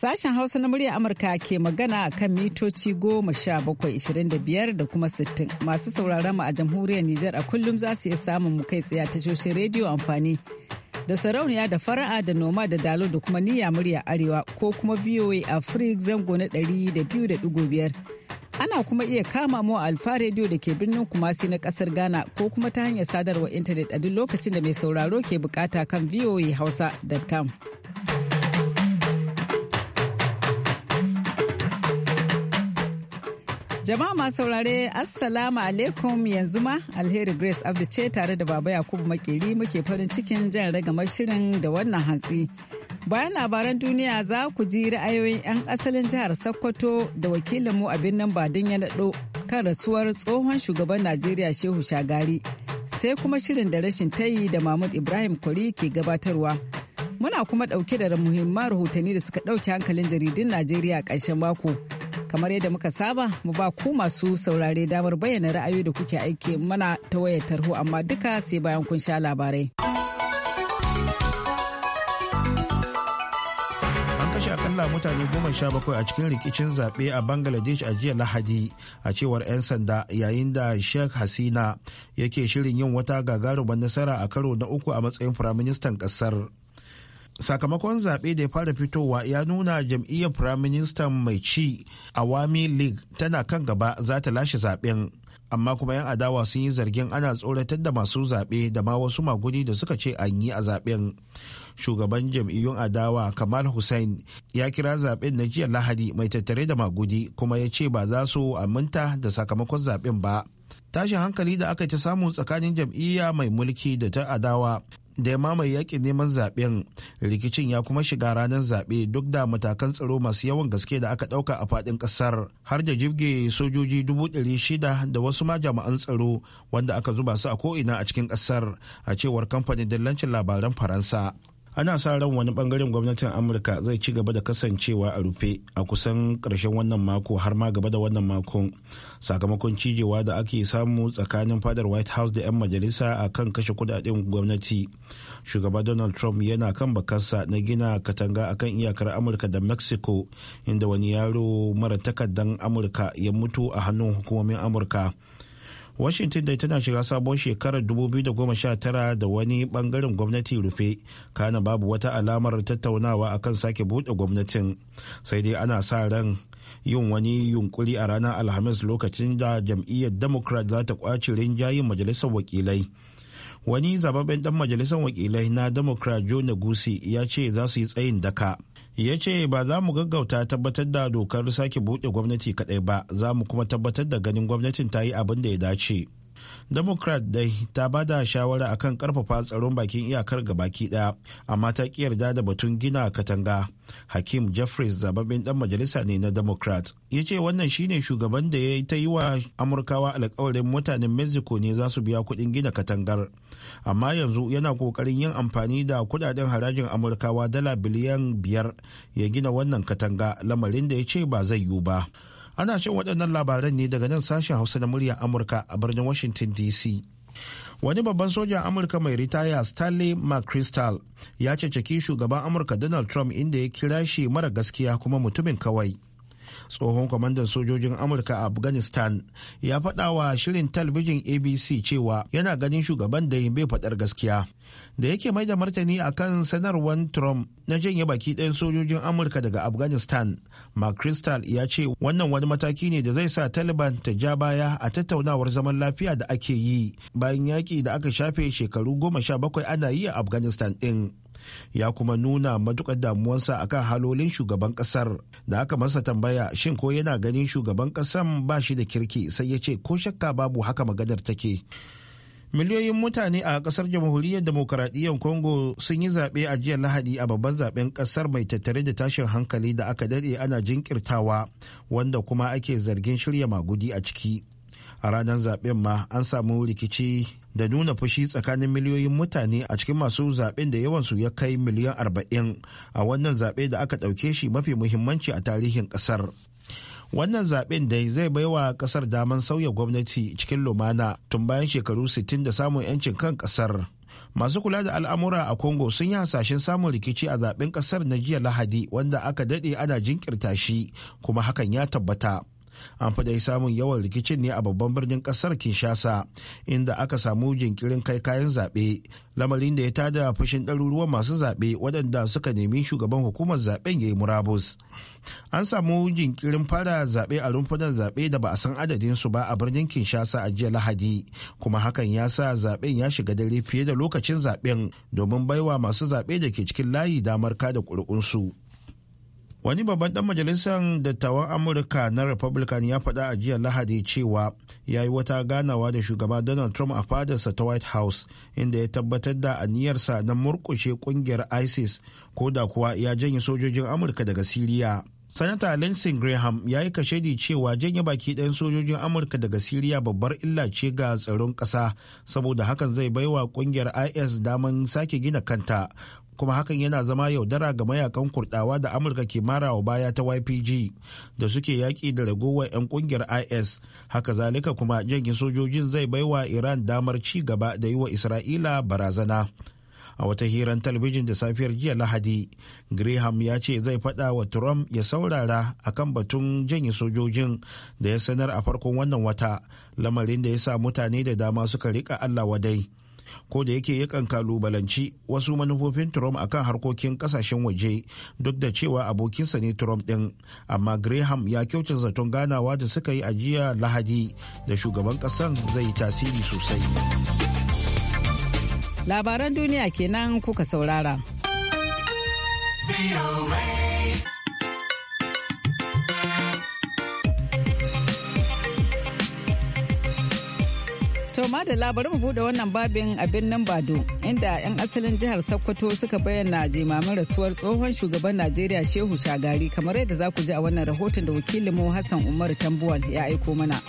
Sashen Hausa na murya Amurka ke magana kan mitoci goma sha bakwai ishirin da biyar da kuma sittin masu sauraron mu a jamhuriyar Nijar a kullum za su iya samun mu kai tsaye tashoshin rediyo amfani da sarauniya da fara'a da noma da dalo da kuma niyya murya arewa ko kuma VOA Africa zango na ɗari da biyu da ɗigo biyar. Ana kuma iya kama mu a Alfa rediyo da ke birnin Kumasi na ƙasar Ghana ko kuma ta hanyar sadarwar intanet a duk lokacin da mai sauraro ke bukata kan voahausa.com. Jama'a masu saurare Assalamu alaikum yanzu ma Alheri Grace Abdu ce tare da Baba Yakubu Makeri muke farin cikin jan ragamar shirin da wannan hantsi. Bayan labaran duniya za ku ji ra'ayoyin 'yan asalin jihar Sokoto da wakilinmu a birnin Badin ya naɗo kan rasuwar tsohon shugaban Najeriya Shehu Shagari. Sai kuma shirin da rashin tayi da Mahmud Ibrahim Kwari ke gabatarwa. Muna kuma ɗauke da muhimman rahotanni da suka ɗauke hankalin jaridun Najeriya a ƙarshen mako. kamar yadda muka saba mu ba ku masu saurare damar bayyana ra'ayoyi da kuke aiki mana ta wayar tarho amma duka sai bayan kun sha labarai. An kashe akalla mutane goma sha bakwai a cikin rikicin zaɓe a Bangladesh a jiya Lahadi a cewar 'yan sanda yayin da Sheikh Hasina yake shirin yin wata gagarumar nasara a karo na uku a matsayin firaministan ƙasar. sakamakon zaɓe da ya fara fitowa ya nuna jam'iyyar firaministan mai ci awami league tana kan gaba za ta lashe zaɓen amma kuma 'yan adawa sun yi zargin ana tsoratar da masu zaɓe da ma wasu magudi da suka ce an yi a zaɓen shugaban jam'iyyun adawa kamal hussein ya kira zaɓen na jiya lahadi mai tattare da magudi kuma ya ce ba za su aminta da sakamakon zaɓen ba tashin hankali da aka ta samu tsakanin jam'iyya mai mulki da ta adawa da ya mamaye yakin neman zaben rikicin ya kuma shiga ranar zaɓe duk da matakan tsaro masu yawan gaske da aka ɗauka a faɗin ƙasar har da jibge sojoji dubu ɗari shida da wasu ma jama'an tsaro wanda aka zuba su a ko'ina a cikin ƙasar a cewar kamfanin dillancin labaran faransa ana sa ran wani bangaren gwamnatin amurka zai ci gaba da kasancewa a rufe a kusan karshen wannan mako har ma gaba da wannan makon sakamakon cijewa da ake samu tsakanin fadar white house da 'yan majalisa a kan kashe kudaden gwamnati shugaba donald trump yana kan bakarsa na gina katanga a kan iyakar amurka da mexico inda wani yaro mara takardan amurka ya mutu a hannun hukumomin amurka washington dai tana shiga sabon shekarar 2019 da wani bangaren gwamnati rufe kana babu wata alamar tattaunawa akan sake bude gwamnatin sai dai ana sa ran yin wani yunkuri a ranar alhamis lokacin da jam'iyyar democrat za ta kwace rinjayen majalisar wakilai wani zababben dan majalisar wakilai na democrat joe negusi ya ce za su yi tsayin daka ya ce ba za mu gaggauta tabbatar da dokar sake buɗe gwamnati kaɗai ba za mu kuma tabbatar da ganin gwamnatin ta yi abin da ya dace democrat dai ta ba da shawara akan karfafa tsaron bakin iyakar ga baki daya amma ta ki yarda da batun gina katanga hakim jeffries zababin dan majalisa ne na democrat ya ce wannan shine shugaban da ya ta yi wa amurkawa alkawarin mutanen mexico ne za su biya kuɗin gina katangar amma yanzu yana kokarin yin amfani da kudaden harajin amurkawa dala biliyan biyar ya gina wannan katanga lamarin da ya ce ba zai yiwu ba ana shan waɗannan labaran ne daga nan sashen hausa na muryar amurka a birnin washington dc wani babban sojan amurka mai ritaya stanley mccrystal ya ceceki shugaban amurka donald trump inda ya kira shi mara gaskiya kuma mutumin kawai tsohon kwamandan sojojin amurka a afghanistan ya faɗa wa shirin talabijin abc cewa yana ganin shugaban da bai faɗar gaskiya da yake mai da martani a kan sanarwar trump na janye baki ɗayan sojojin amurka daga afghanistan mark crystal ya ce wannan wani mataki ne da zai sa taliban ta ja baya a tattaunawar zaman lafiya da ake yi bayan yaƙi da aka shafe shekaru goma sha bakwai ana yi a afghanistan ɗin ya kuma nuna matukar damuwarsa kan halolin shugaban ƙasar da aka masa tambaya shin ko yana ganin shugaban ƙasar ba shi da kirki sai ya ce ko shakka babu haka maganar take miliyoyin mutane a ƙasar jamhuriyar demokaradiyyar congo sun yi zaɓe a jiya lahadi a babban zaɓen ƙasar mai tattare da tashin hankali da aka daɗe ana jinkirtawa wanda kuma ake zargin shirya magudi a ciki a ranar zaɓen ma an samu rikici da nuna fushi tsakanin miliyoyin mutane a cikin masu zaben da yawansu ya kai miliyan 40 a wannan zaɓe da aka ɗauke shi mafi muhimmanci a tarihin ƙasar. wannan zaben da zai baiwa ƙasar daman sauya gwamnati cikin lumana tun bayan shekaru 60 da samun 'yancin kan ƙasar. masu kula da al'amura a congo sun yi hasashen samun rikici a zaben ƙasar na jiya lahadi wanda aka dade ana jinkirta shi kuma hakan ya tabbata an fi yi samun yawan rikicin ne a babban birnin kasar kinshasa inda aka samu jinkirin kai kayan zaɓe lamarin da ya tada fushin ɗaruruwan masu zaɓe waɗanda suka nemi shugaban hukumar zaɓen ya yi murabus an samu jinkirin fara zaɓe a rumfunan zaɓe da ba a san adadin su ba a birnin kinshasa a jiya lahadi kuma hakan ya sa zaɓen ya shiga dare fiye da lokacin zaɓen domin baiwa masu zaɓe da ke cikin layi damar kada ƙuri'unsu. wani babban dan majalisar dattawan amurka na republican ya faɗa a jiya lahadi cewa ya yi wata ganawa da shugaba donald trump a fadarsa ta white house inda ya tabbatar da aniyarsa na murkushe kungiyar isis ko da kuwa ya janye sojojin amurka daga siriya sanata lindsey graham ya yi kashedi cewa janye baki ɗayan sojojin amurka daga siriya babbar illa ce ga tsaron ƙasa saboda hakan zai baiwa ƙungiyar is daman sake gina kanta kuma hakan yana zama yaudara ga mayakan kurdawa da amurka ke marawa baya ta ypg da suke yaƙi da ragowar 'yan kungiyar is haka zalika kuma jirgin sojojin zai baiwa iran damar ci gaba da yi wa isra'ila barazana a wata hirar talabijin da safiyar jiya lahadi graham ya ce zai faɗa wa trump ya saurara akan batun janye sojojin da ya sanar a farkon wannan wata lamarin da ya sa mutane da dama suka rika allah wadai ko da yake yakan kalubalanci wasu manufofin Trump akan harkokin kasashen waje duk da cewa abokinsa ne Trump din Amma Graham ya kyauta zaton ganawa da suka yi ajiya Lahadi da shugaban kasan zai tasiri sosai. Labaran duniya kenan kuka saurara. To da labarin mu bude wannan babin a birnin Bado inda 'yan asalin jihar Sokoto suka bayyana jimamin rasuwar tsohon shugaban Najeriya Shehu Shagari kamar yadda za ku ji a wannan rahoton da wakilinmu Hassan Umar Tambuwal ya aiko mana.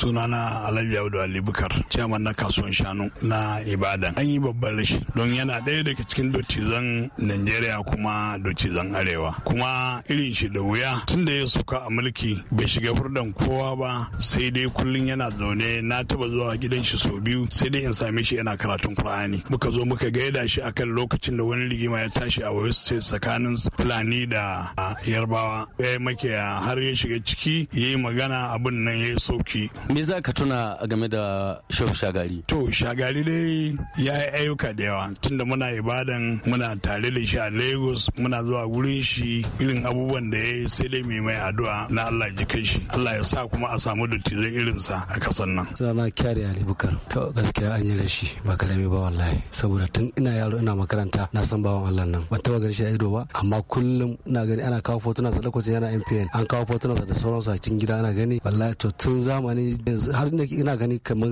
sunana alhaji audu ali ciyaman na kasuwan shanu na ibadan an yi babban rashi don yana ɗaya daga cikin dottizan najeriya kuma dottizan arewa kuma irin shi da wuya tun da ya sauka a mulki bai shiga furdan kowa ba sai dai kullum yana zaune na taba zuwa gidan shi sau biyu sai dai in same shi yana karatun kur'ani muka zo muka gaida shi akan lokacin da wani rigima ya tashi a wayo sai tsakanin fulani da yarbawa ya eh, makiya har ya shiga ciki ya yi magana abin nan ya yi sauki me za ka tuna game da shop shagari to shagari dai ya yi ayyuka da yawa tunda muna ibadan muna tare da shi a lagos muna zuwa gurin shi irin abubuwan da ya yi sai dai mai mai addu'a na allah kai shi allah ya sa kuma a samu irin irinsa a kasan nan sunana kyari ali bukar to gaskiya an yi rashi ba karami ba wallahi saboda tun ina yaro ina makaranta na san bawan allah nan ban taba ganin shi a ido ba amma kullum ina gani ana kawo fotuna sa lokacin yana mpn an kawo fotuna sa da sauransu a cikin gida ana gani wallahi to tun zamani yanzu har da ina gani kamar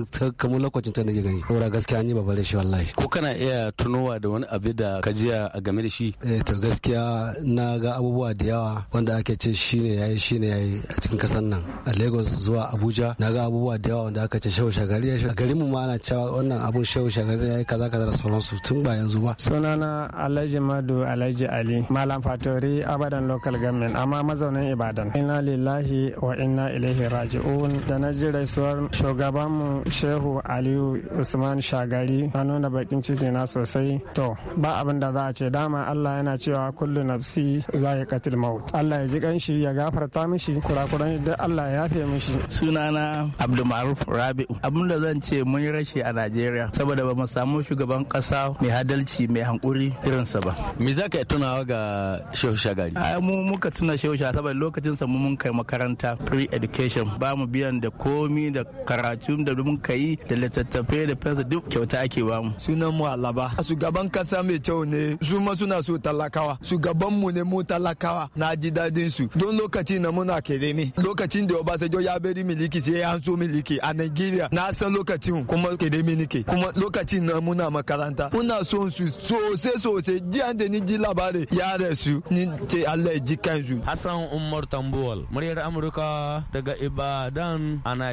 lokacin ta nake gani saboda gaskiya an yi babbar shi wallahi ko kana iya tunowa da wani abu da ka jiya a game da shi eh to gaskiya na ga abubuwa da yawa wanda ake ce shine yayi shine yayi a cikin kasan nan a Lagos zuwa Abuja na ga abubuwa da yawa wanda aka ce shehu shagari ya garin mu ma ana cewa wannan abu shehu shagari yayi kaza kaza da sauransu tun ba yanzu ba sunana Alhaji Madu Alhaji Ali Malam Fatori Abadan Local Government amma mazaunin Ibadan inna lillahi wa inna ilaihi raji'un da na ji rasuwar shugabanmu shehu aliyu usman shagari na nuna bakin ciki na sosai to ba abin da za a ce dama allah yana cewa kullu nafsi za ya katil maut allah ya ji kanshi ya gafarta mishi kurakuran da allah ya yafe mishi sunana abdulmaruf rabi'u abin da zan ce mun yi rashi a najeriya saboda ba mu samu shugaban kasa mai hadalci mai hankuri irinsa ba me za ka tunawa ga shehu shagari mu muka tuna shehu shagari saboda lokacin sa mu mun kai makaranta pre education ba mu biyan da ko komi da karatu da mun yi da littattafai da fensa duk kyauta ake ba mu sunan mu alaba shugaban kasa mai kyau ne su ma suna so talakawa shugaban mu ne mu talakawa na ji dadin su don lokacin na muna kereme lokacin da obasanjo ya beri miliki sai y'a so miliki a nigeria na san lokacin kuma kereme nike kuma lokacin na muna makaranta muna so su sosai sosai jiya da ni ji labari ya rasu ni ce allah ji kansu hassan umar tambuwal muryar amurka daga ibadan a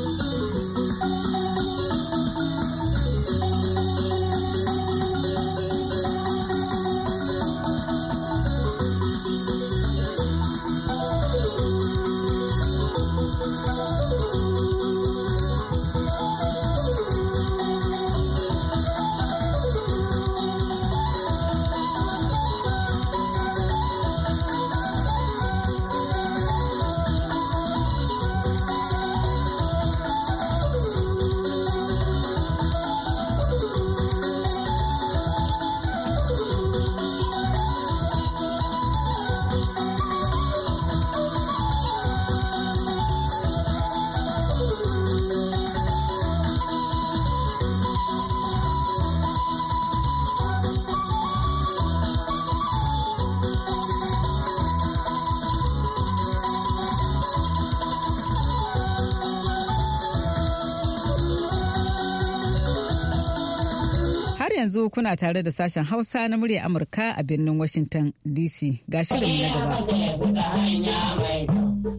yanzu kuna tare da sashen Hausa na murya Amurka a birnin Washington DC. Ga shirin na gaba.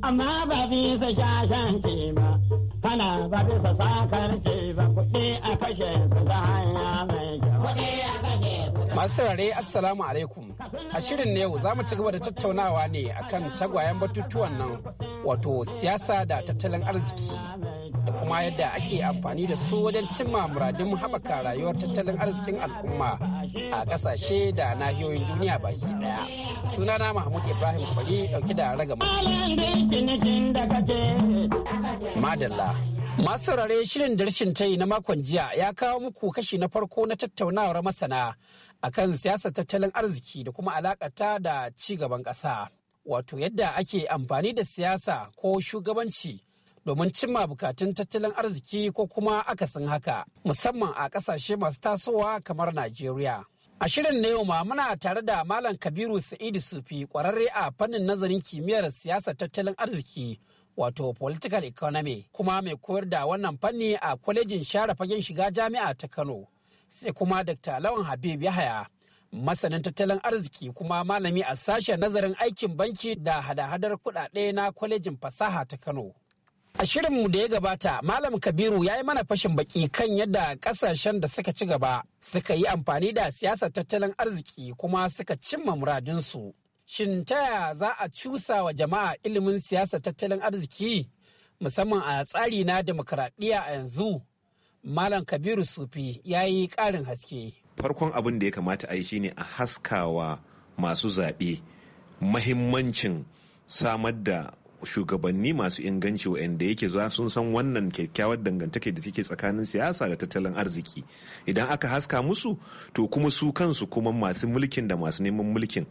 Amma ba bisa ba, kana ba bisa sakar ba, kuɗi a kashe su ta mai Masu saurare Assalamu alaikum. A shirin ne yau za mu ci gaba da tattaunawa ne akan tagwayen batutuwan nan wato siyasa da tattalin arziki. kuma yadda ake amfani da su wajen cimma muradin haɓaka rayuwar tattalin arzikin al'umma a ƙasashe da nahiyoyin duniya baki ɗaya. Sunana Mahmud Ibrahim Kwari ɗauki da ragama. Madalla. Masu saurare shirin darshin tayi na makon jiya ya kawo muku kashi na farko na tattaunawar masana akan siyasar tattalin arziki da kuma alakata da ci gaban ƙasa. Wato yadda ake amfani da siyasa ko shugabanci domin cimma bukatun tattalin arziki ko kuma akasin haka musamman a kasashe masu tasowa kamar Najeriya. A shirin na yau ma muna tare da Malam Kabiru Sa'idu Sufi kwararre a fannin nazarin kimiyyar siyasar tattalin arziki wato political economy kuma mai koyar da wannan fanni a kwalejin share fagen shiga jami'a ta Kano. Sai kuma Dr. Lawan Habib Yahaya masanin tattalin arziki kuma malami a sashen nazarin aikin banki da hada-hadar kudade na kwalejin fasaha ta Kano. A shirinmu da ya gabata, Malam Kabiru ya yi mana fashin baki kan yadda kasashen da suka ci gaba suka yi amfani da siyasar tattalin arziki kuma suka cimma muradinsu. Shin taya za a cusa wa jama'a ilimin siyasar tattalin arziki musamman a tsari na demokradiyya a yanzu? Malam Kabiru Sufi ya yi ƙarin haske. Farkon abin da ya kamata a yi shine a haskawa masu zaɓe mahimmancin samar da shugabanni masu inganci wa'anda yake za sun san wannan kyakkyawar dangantaka da take tsakanin siyasa da tattalin arziki idan aka haska musu to kuma su kansu kuma masu mulkin da masu neman mulkin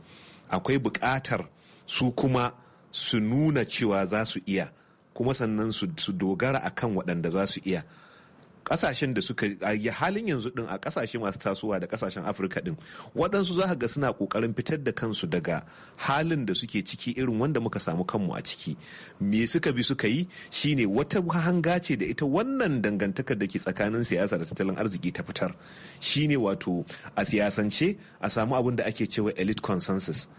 akwai buƙatar su kuma su nuna cewa za su iya kuma sannan su dogara akan waɗanda za su iya kasashen da suka yi halin yanzu din a kasashe masu tasowa da kasashen afirka din waɗansu za ga suna ƙoƙarin fitar da kansu daga halin da suke ciki irin wanda muka samu kanmu a ciki me suka bi suka yi shine wata hanga ce da ita wannan dangantakar da ke tsakanin siyasa da tattalin arziki ta fitar shine wato a siyasance a samu abin da ake cewa elite consensus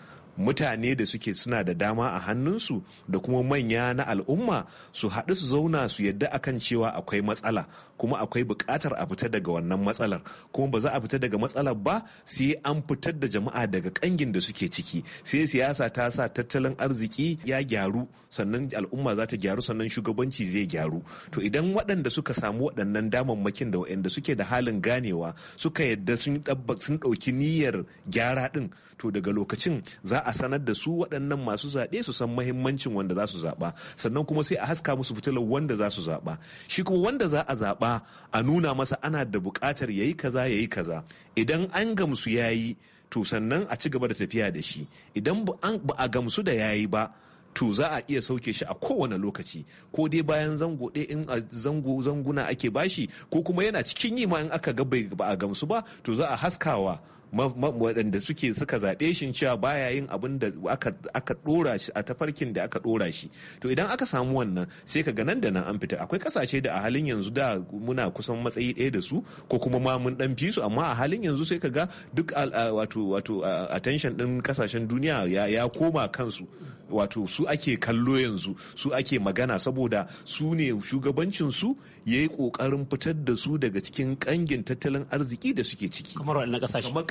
mutane da suke suna da dama a hannunsu da kuma manya na al'umma su haɗu su zauna su yadda akan cewa akwai matsala kuma akwai buƙatar a fita daga wannan matsalar kuma ba za a fita daga matsalar ba sai an fitar da jama'a daga ƙangin da suke ciki sai siyasa ta sa tattalin arziki ya gyaru sannan al'umma za ta gyaru sannan shugabanci zai gyaru to idan waɗanda suka samu waɗannan damammakin da waɗanda suke da halin ganewa suka yadda sun ɗauki niyyar gyara ɗin to daga lokacin za a sanar da su waɗannan masu zaɓe su san mahimmancin wanda za su zaɓa sannan kuma sai a haska musu fitilar wanda za su zaɓa shi kuma wanda za a zaɓa a nuna masa ana da bukatar ya yi kaza ya yi kaza idan an gamsu ya yi to sannan a ci gaba da tafiya da shi idan ba a gamsu da ya yi ba to za a iya sauke shi a kowane lokaci ko dai bayan zango ɗaya in a zango zanguna ake bashi ko kuma yana cikin yi ma in aka ga ba a gamsu ba to za a haskawa waɗanda suke suka zaɓe shi cewa baya yin abin da aka ɗora shi a tafarkin da aka ɗora shi to idan aka samu wannan sai ka ga nan da nan an fita akwai ƙasashe da a halin yanzu da muna kusan matsayi ɗaya da su ko kuma ma mun ɗan fi su amma a halin yanzu sai ka ga duk wato wato attention ɗin ƙasashen duniya ya koma kansu wato su ake kallo yanzu su ake magana saboda su ne shugabancinsu ya yi ƙoƙarin fitar da su daga cikin ƙangin tattalin arziki da suke ciki kamar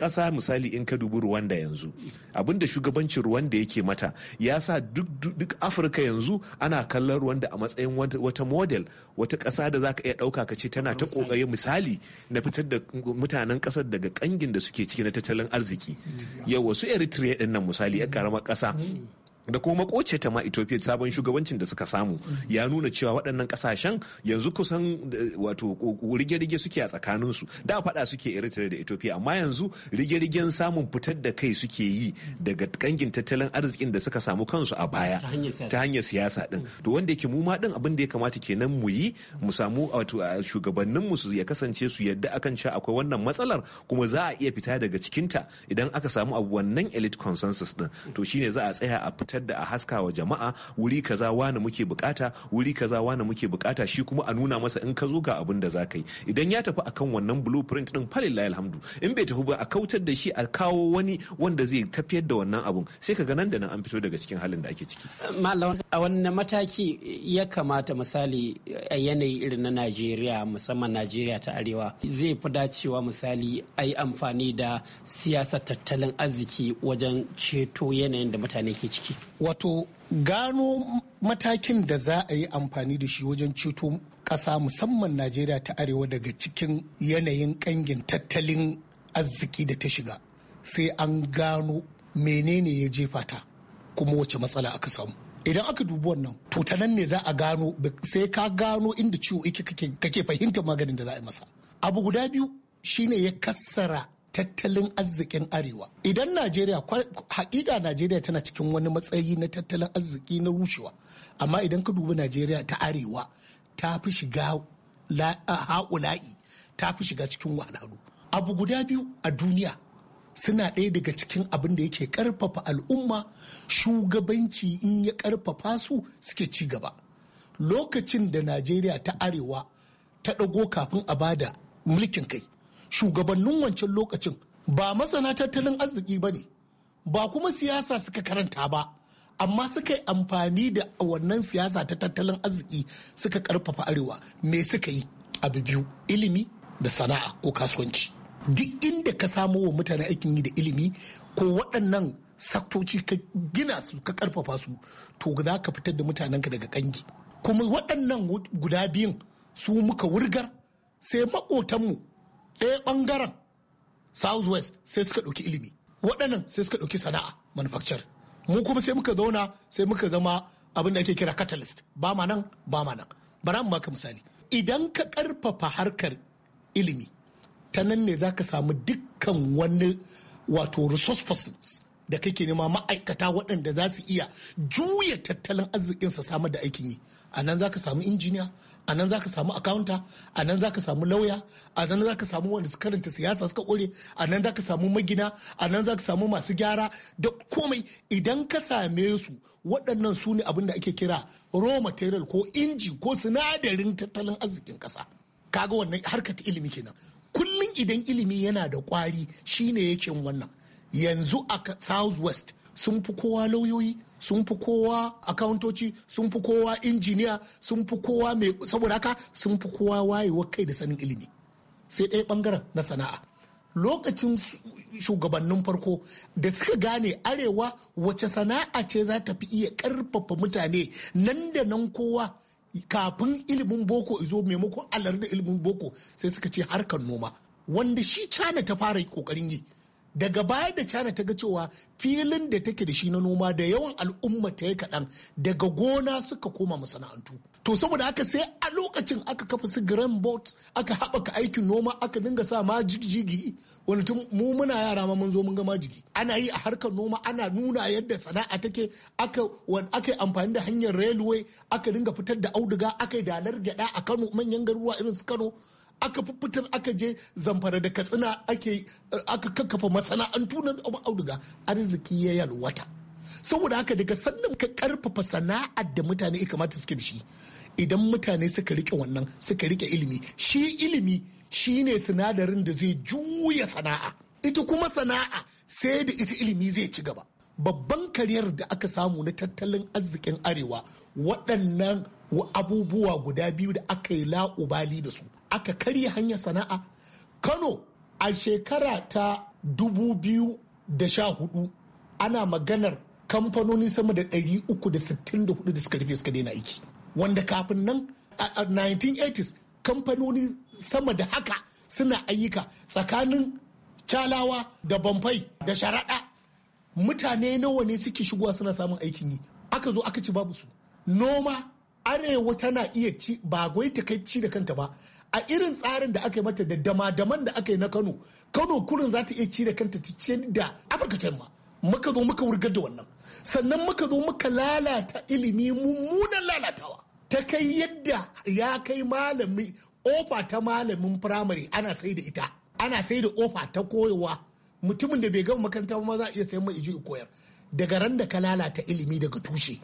kasa misali in ka dubi ruwanda yanzu abinda shugabancin ruwanda yake mata ya sa duk afirka yanzu ana kallon ruwanda a matsayin wata model wata kasa da zaka iya ɗauka ka ce tana ta kokari misali na fitar da mutanen ƙasar daga ƙangin da suke ciki na tattalin arziki mm. yau wasu eritrea dinnan nan misali ya ƙaramar kasa. Mm. da kuma makoce ta ma Ethiopia sabon shugabancin da suka samu ya nuna cewa waɗannan kasashen yanzu kusan eh, wato rige-rige suke a tsakanin su da faɗa suke Eritrea da Ethiopia amma yanzu rige-rigen samun fitar da kai suke yi daga kangin tattalin arzikin da suka samu kansu a baya ta hanyar siyasa din to wanda yake mu ma din abin da ya kamata kenan mu yi mu samu wato shugabannin mu su ya kasance su yadda akan cewa akwai wannan matsalar kuma za a iya fita daga cikinta idan aka samu abu wannan elite consensus din to shine za a tsaya a tabbatar da a haska wa jama'a wuri kaza wani muke bukata wuri kaza wani muke bukata shi kuma a nuna masa in ka zo ga abin da za ka yi idan ya tafi akan wannan blueprint din falillahi alhamdu in bai tafi ba a kautar da shi a kawo wani wanda zai tafiyar da wannan abun sai ka ga nan da nan an fito daga cikin halin da ake ciki malam a wannan mataki ya kamata misali a yanayi irin na Najeriya musamman Najeriya ta arewa zai fi dacewa misali a amfani da siyasar tattalin arziki wajen ceto yanayin da mutane ke ciki wato gano matakin da za a yi amfani da shi wajen ceto ƙasa musamman najeriya ta arewa daga cikin yanayin ƙangin tattalin arziki da ta shiga sai an gano menene ya jefa ta kuma wace matsala aka samu idan aka dubi wannan to ta nan ne za a gano sai ka gano inda ciwo kake fahimtar maganin da za a yi masa abu guda biyu shine ya kassara tattalin arzikin arewa idan najeriya hakika najeriya tana cikin wani matsayi na tattalin arziki na rushewa amma idan ka dubi najeriya ta arewa ta fi shiga ha'ula'i ta fi shiga cikin wahalhalu abu guda biyu a duniya suna ɗaya daga cikin abin da yake karfafa al'umma shugabanci in ya karfafa su suke ci gaba lokacin da najeriya ta arewa ta ɗago kafin a bada mulkin kai shugabannin wancan lokacin ba masana tattalin arziki ba ne ba kuma siyasa suka karanta ba amma suka yi amfani da wannan siyasa ta tattalin arziki suka karfafa arewa me suka yi abu biyu ilimi da sana'a ko kasuwanci duk inda ka samo wa mutane aikin yi da ilimi ko waɗannan saktoci ka gina su ka karfafa su to za ka fitar da mutanenka daga kangi kuma waɗannan guda biyun su muka wurgar sai maƙotanmu ɗaya ɓangaren south west sai suka ɗauki ilimi waɗannan sai suka ɗauki sana'a manufakcar. mu kuma sai muka zauna sai muka zama abin da ake kira catalyst ba ma nan ba ma nan bara mu baka misali idan ka ƙarfafa harkar ilimi ta nan ne za ka samu dukkan wani wato resource persons da kake nema ma'aikata waɗanda za su iya juya tattalin arzikinsa samar da aikin yi a nan za ka samu injiniya a nan za ka samu akawunta a nan za ka samu lauya a nan za ka samu wanda su karanta siyasa suka kore a nan za ka samu magina a nan za ka samu masu gyara da komai idan ka same su waɗannan su ne abin da ake kira raw material ko injin ko sinadarin tattalin arzikin ƙasa kaga wannan harkar ilimi kenan kullum idan ilimi yana da kwari shine yake wannan yanzu a south west sun fi kowa lauyoyi sun fi kowa akauntoci sun fi kowa injiniya sun fi kowa mai saboda haka sun fi kowa wayewa kai da sanin ilimi sai ɗaya ɓangaren na sana'a lokacin shugabannin farko da suka gane arewa wace sana'a ce za ta fi iya ƙarfafa mutane nan da nan kowa kafin ilimin boko izo maimakon alar da ilimin boko sai suka ce harkar noma wanda shi cana ta fara ƙoƙarin yi daga baya da china ta ga cewa filin da take da shi na noma da yawan al'umma ta yi kaɗan daga gona suka koma masana'antu to saboda haka sai a lokacin aka kafa su grand boat aka haɓaka aikin noma aka dinga sa majigi wani tun mu muna yara ma mun zo mun ga majigi ana yi a harkar noma ana nuna yadda sana'a take aka yi amfani da hanyar railway aka dinga fitar da auduga aka yi dalar gyada a kano manyan garuruwa irin su kano aka fitar aka je zamfara da katsina aka kakkafa masana'antu na auduga arziki ya yalwata saboda haka daga sannan ka karfafa sana'ar da mutane ya kamata suke da shi idan mutane suka rike wannan suka rike ilimi shi ilimi shine sinadarin da zai juya sana'a ita kuma sana'a sai da ita ilimi zai ci gaba babban karyar da aka samu na tattalin arzikin arewa waɗannan abubuwa guda biyu da aka yi la'ubali da su aka karya hanyar sana'a kano a shekara ta 2014 ana maganar kamfanoni sama da 364 da suka rufe suka daina aiki wanda kafin nan a 1980s kamfanoni sama da haka suna ayyuka tsakanin calawa da bamfai da sharaɗa mutane nawa ne suke shigowa suna samun aikin yi aka zo aka ci babu su noma arewa tana iya ci ba gwai takaici da kanta ba a irin tsarin da aka yi mata da dama-daman da aka yi na kano kano kurin za ta iya ci da kanta ta ce da afirka ta yamma muka zo muka wurgar da wannan sannan muka zo muka lalata ilimi mummunan lalatawa ta kai yadda ya kai malami ofa ta malamin firamare ana sai da ita ana sai da ofa ta koyowa mutumin da bai gama makaranta ba za a iya sayan mai koyar daga ran da ka lalata ilimi daga tushe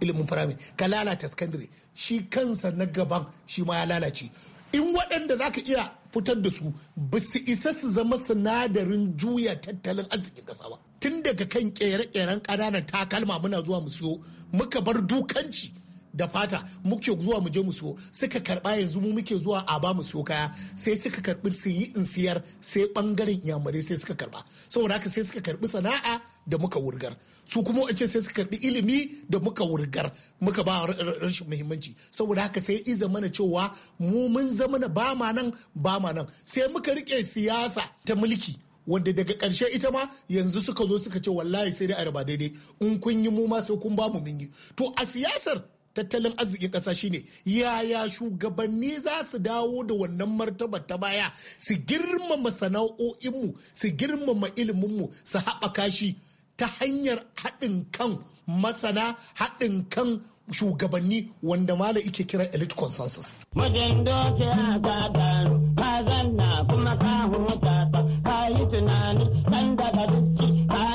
ilimin firamare ka lalata sakandare shi kansa na gaban shi ma ya lalace in waɗanda za ka iya fitar da su ba su isa su zama sinadarin juya tattalin arzikin ƙasa ba tun daga kan ƙere-ƙeren ƙananan takalma muna zuwa mu siyo muka bar dukanci da fata muke zuwa mu je mu siyo suka karba yanzu mu muke zuwa a ba mu siyo kaya sai suka karbi su yi in siyar sai bangaren yamare sai suka karba saboda haka sai suka karbi sana'a da muka wurgar su kuma wace sai suka karbi ilimi da muka wurgar muka ba rashin muhimmanci saboda haka sai iza mana cewa mu mun zama na ba ma nan ba ma nan sai muka rike siyasa ta mulki wanda daga ƙarshe ita ma yanzu suka zo suka ce wallahi sai dai a daidai in kun yi mu ma sai kun ba mu mun yi to a siyasar tattalin arzikin ƙasa shine yaya shugabanni za su dawo da wannan martaba ta baya su girmama sana'o'inmu su girmama iliminmu su haɓaka shi ta hanyar haɗin kan masana haɗin kan shugabanni wanda mala ike kira elite consensus. Mijin a tunani,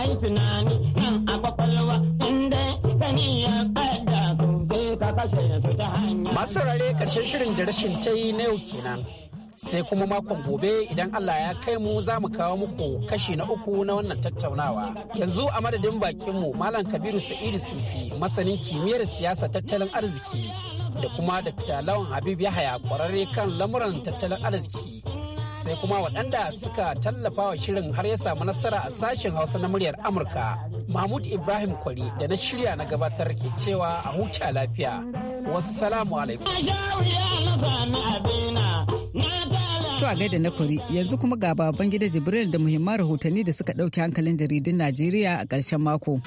ɗan tunani, nan a kwakwalwa, inda Masu saurare karshen shirin da rashin ta yi na yau kenan. Sai kuma makon gobe idan Allah ya kai mu za mu kawo muku kashi na uku na wannan tattaunawa. Yanzu a madadin bakinmu Malam Kabiru Sa'idu Sufi masanin kimiyyar siyasa tattalin arziki da kuma da Lawan Habib Yahaya kwararre kan lamuran tattalin arziki. sai kuma waɗanda suka tallafa wa shirin har ya samu nasara a sashen hausa na muryar amurka mahmud ibrahim kwari da na shirya na gabatar ke cewa a huta lafiya wassalamu alaikum To a gaida na kwari yanzu kuma ga baban gida Jibril da muhimman rahotanni da suka ɗauki hankalin jaridun Najeriya a ƙarshen mako.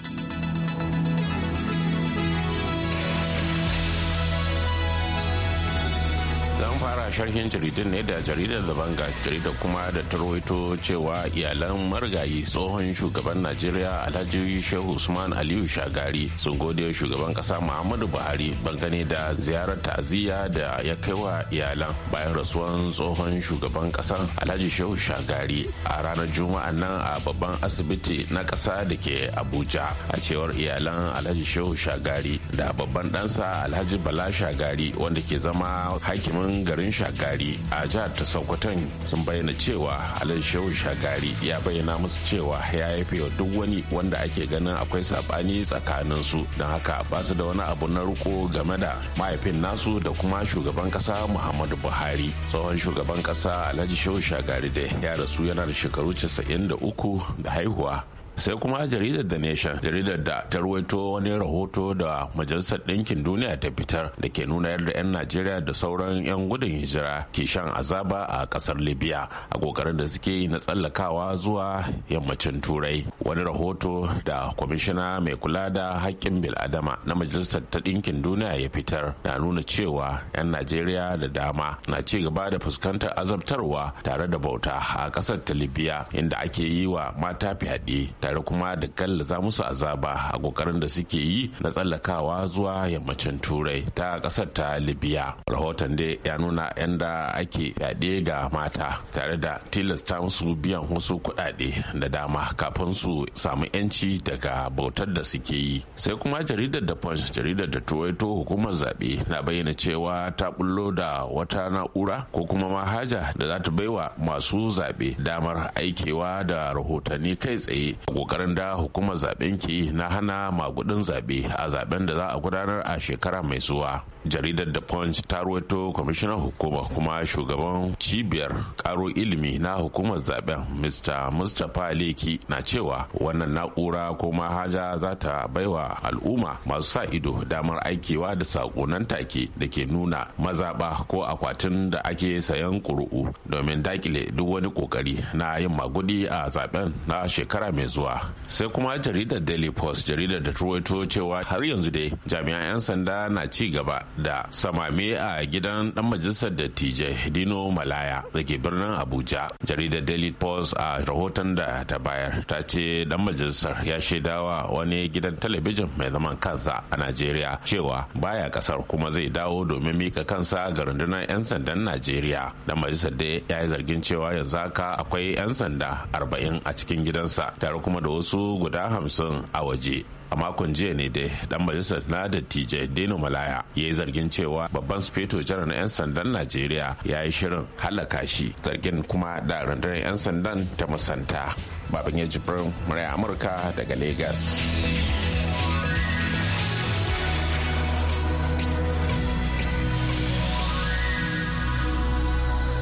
sharhin jaridun ne da jaridar da banga jaridar kuma da tarwaito cewa iyalan marigayi tsohon shugaban najeriya alhaji shehu usman aliyu shagari sun gode shugaban kasa muhammadu buhari bangane da ziyarar ta'aziyya da ya kai wa iyalan bayan rasuwan tsohon shugaban kasa alhaji shehu shagari a ranar juma'a nan a babban asibiti na kasa da ke abuja a cewar iyalan alhaji shehu shagari da babban ɗansa alhaji bala shagari wanda ke zama hakimin garin shagari shagari a jihar ta sokoton sun bayyana cewa alhaji shehu shagari ya bayyana musu cewa ya haife wa duk wani wanda ake ganin akwai saɓani tsakanin su don haka ba su da wani abu na riko game da mahaifin nasu da kuma shugaban kasa muhammadu buhari tsohon shugaban kasa alhaji shehu shagari da ya rasu yana da shekaru 93 da haihuwa sai kuma jaridar da nation jaridar da ta ruwaito wani rahoto da majalisar ɗinkin duniya ta fitar da ke nuna yadda 'yan najeriya da sauran 'yan gudun hijira ke shan azaba a ƙasar libya a ƙoƙarin da suke yi na tsallakawa zuwa yammacin turai wani rahoto da kwamishina mai kula da haƙƙin bil'adama na majalisar ta ɗinkin duniya ya fitar na nuna cewa 'yan najeriya da dama na ci gaba da fuskantar azabtarwa tare da bauta a ƙasar ta libya inda ake yi wa mata fyaɗe tare kuma da gallaza musu azaba a kokarin da suke yi na tsallakawa zuwa yammacin turai ta kasar ta libya rahoton da ya nuna yadda ake fyaɗe ga mata tare da tilasta musu biyan wasu kuɗaɗe da dama kafin su samu yanci daga bautar da suke yi sai kuma jaridar da punch jaridar da tuwaito hukumar zaɓe na bayyana cewa ta bullo da wata na'ura ko kuma manhaja da za ta baiwa masu zaɓe damar aikewa da rahotanni kai tsaye kokarin da hukumar zaben ke yi na hana magudin zabe a zaben da za a gudanar a shekara mai zuwa jaridar da punch ta ruwaito kwamishinan hukuma kuma shugaban cibiyar karo ilimi na hukumar zaben mr mustapha leki na cewa wannan na'ura ko mahaja za ta baiwa al'umma masu sa ido damar aikewa da sako nan take da ke nuna mazaba ko akwatin da ake sayan ƙuri'u domin dakile duk wani kokari na yin magudi a zaben na shekara mai zuwa zuwa sai kuma jaridar daily post jaridar da ruwaito cewa har yanzu dai jami'an 'yan sanda na ci gaba da samame a gidan dan majalisar dattijai dino malaya da ke birnin abuja jaridar daily post a rahoton da ta bayar ta ce dan majalisar ya shaidawa wani gidan talabijin mai zaman kansa a najeriya cewa baya kasar kuma zai dawo domin mika kansa ga rundunar 'yan sandan najeriya dan majalisar dai ya yi zargin cewa yanzu haka akwai 'yan sanda 40 a cikin gidansa tare kuma da wasu guda hamsin a waje a makon jiya ne dai dan majalisar na dattijai dino malaya ya yi zargin cewa babban sufeto janar 'yan sandan najeriya ya yi shirin halaka shi zargin kuma da rundunar 'yan sandan ta musanta baban ya jibrin murai amurka daga lagos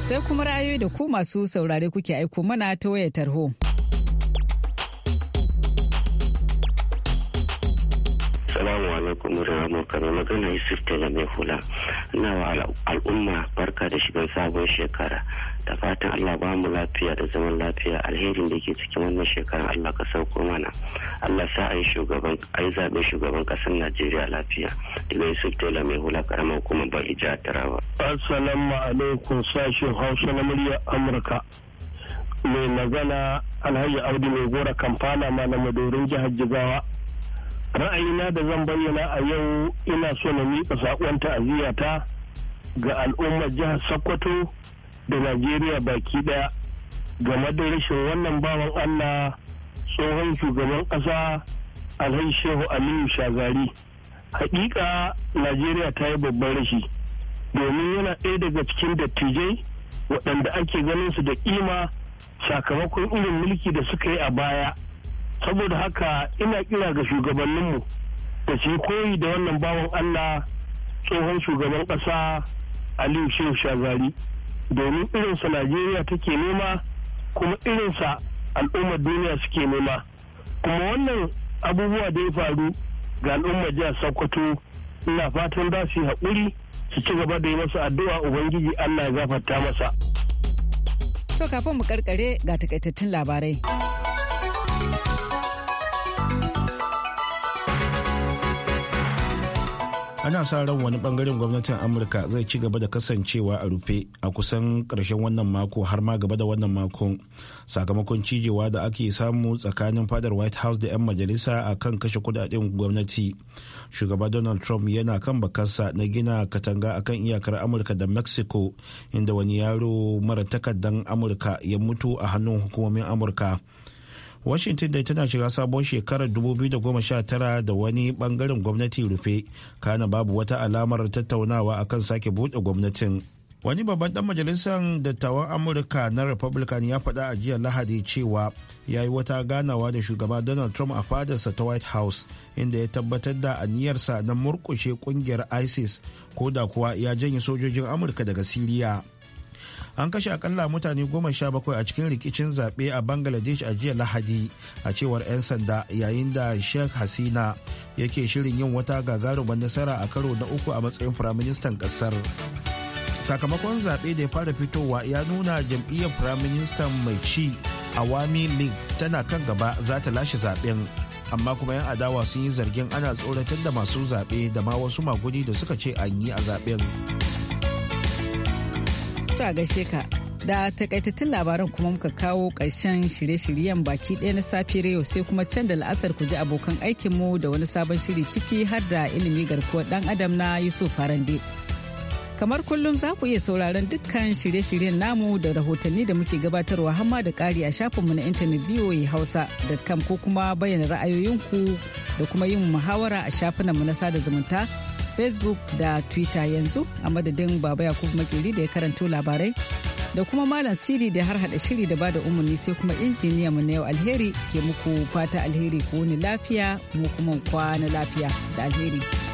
sai kuma ra'ayoyi da ku masu saurare kuke aiko mana ta wayar tarho. Assalamu alaikum rahama kano magana Yusuf Tela mai hula. Ina wa al'umma barka da shigan sabon shekara. Da fatan Allah ba mu lafiya da zaman lafiya alherin da ke cikin wannan shekara Allah ka sauko mana. Allah sa a yi shugaban a yi zaɓen shugaban ƙasar Najeriya lafiya. Daga Yusuf Tela mai hula karama kuma ba ija tarawa. Assalamu alaikum sashen Hausa na muryar Amurka. Mai magana Alhaji Audu mai gora Kamfana ma na madorin jihar Jigawa. ra'ayina da zan bayyana a yau ina so na miƙa saƙon ta'aziyata ga al'ummar jihar sokoto da najeriya baki ɗaya game da rashin wannan bawan allah tsohon shugaban ƙasa alhaji shehu aliyu shagari hakika najeriya ta yi babban rashi domin yana ɗaya daga cikin dattijai waɗanda ake ganin su da kima sakamakon irin mulki da suka yi a baya saboda haka ina kira ga shugabanninmu da su koyi da wannan bawan allah tsohon shugaban ƙasa aliyu shehu shagari domin irinsa najeriya take nema kuma irinsa al'ummar duniya suke nema kuma wannan abubuwa da ya faru ga al'ummar jihar sokoto ina fatan za su yi haƙuri su ci gaba da yi masa addu'a ubangiji allah ya gafarta masa to kafin mu karkare ga takaitattun labarai ana sa ran wani bangaren gwamnatin amurka zai ci gaba da kasancewa a rufe a kusan karshen wannan mako har ma gaba da wannan makon sakamakon cijewa da ake samu tsakanin fadar white house da 'yan majalisa a kan kashe kudaden gwamnati shugaba donald trump yana kan bakarsa na gina katanga a kan iyakar amurka da mexico inda wani yaro mara takardan amurka ya mutu a hannun hukumomin amurka washington dai tana shiga sabon shekarar 2019 da wani bangaren gwamnati rufe kana babu wata alamar tattaunawa akan sake buɗe gwamnatin wani babban dan majalisar dattawan amurka na republican ya faɗa a jiya lahadi cewa ya yi wata ganawa da shugaba donald trump a fadarsa ta white house inda ya tabbatar da aniyarsa na murkushe kungiyar isis ko da kuwa ya janye sojojin amurka daga siriya an kashe akalla mutane goma sha bakwai a cikin rikicin zaɓe a bangladesh a jiya lahadi a cewar 'yan sanda yayin da sheikh hasina yake shirin yin wata gagarumar nasara a karo na uku a matsayin firaministan ƙasar sakamakon zaɓe da ya fara fitowa ya nuna jam'iyyar firaministan mai ci awami league tana kan gaba za ta lashe zaɓen amma kuma 'yan adawa sun yi zargin ana tsoratar da masu zaɓe da ma wasu maguni da suka ce an yi a zaɓen To gaishe ka. Da takaitattun labaran kuma muka kawo ƙarshen shirye-shiryen baki ɗaya na safiyar yau sai kuma can da la'asar ku ji abokan aikinmu da wani sabon shiri ciki har da ilimi garkuwar ɗan adam na Yusuf farande Kamar kullum za ku iya sauraron dukkan shirye-shiryen namu da rahotanni da muke gabatarwa hamma da ƙari a shafinmu na intanet hausa hausa.com ko kuma bayyana ra'ayoyinku da kuma yin muhawara a shafinanmu na sada zumunta facebook da twitter yanzu a madadin baba yakubu makeri da ya karanto labarai da kuma malam siri da har hada shiri da bada umarni sai kuma injiniya mu na yau alheri ke muku fata alheri ko ni lafiya mu kuma kwana lafiya da alheri.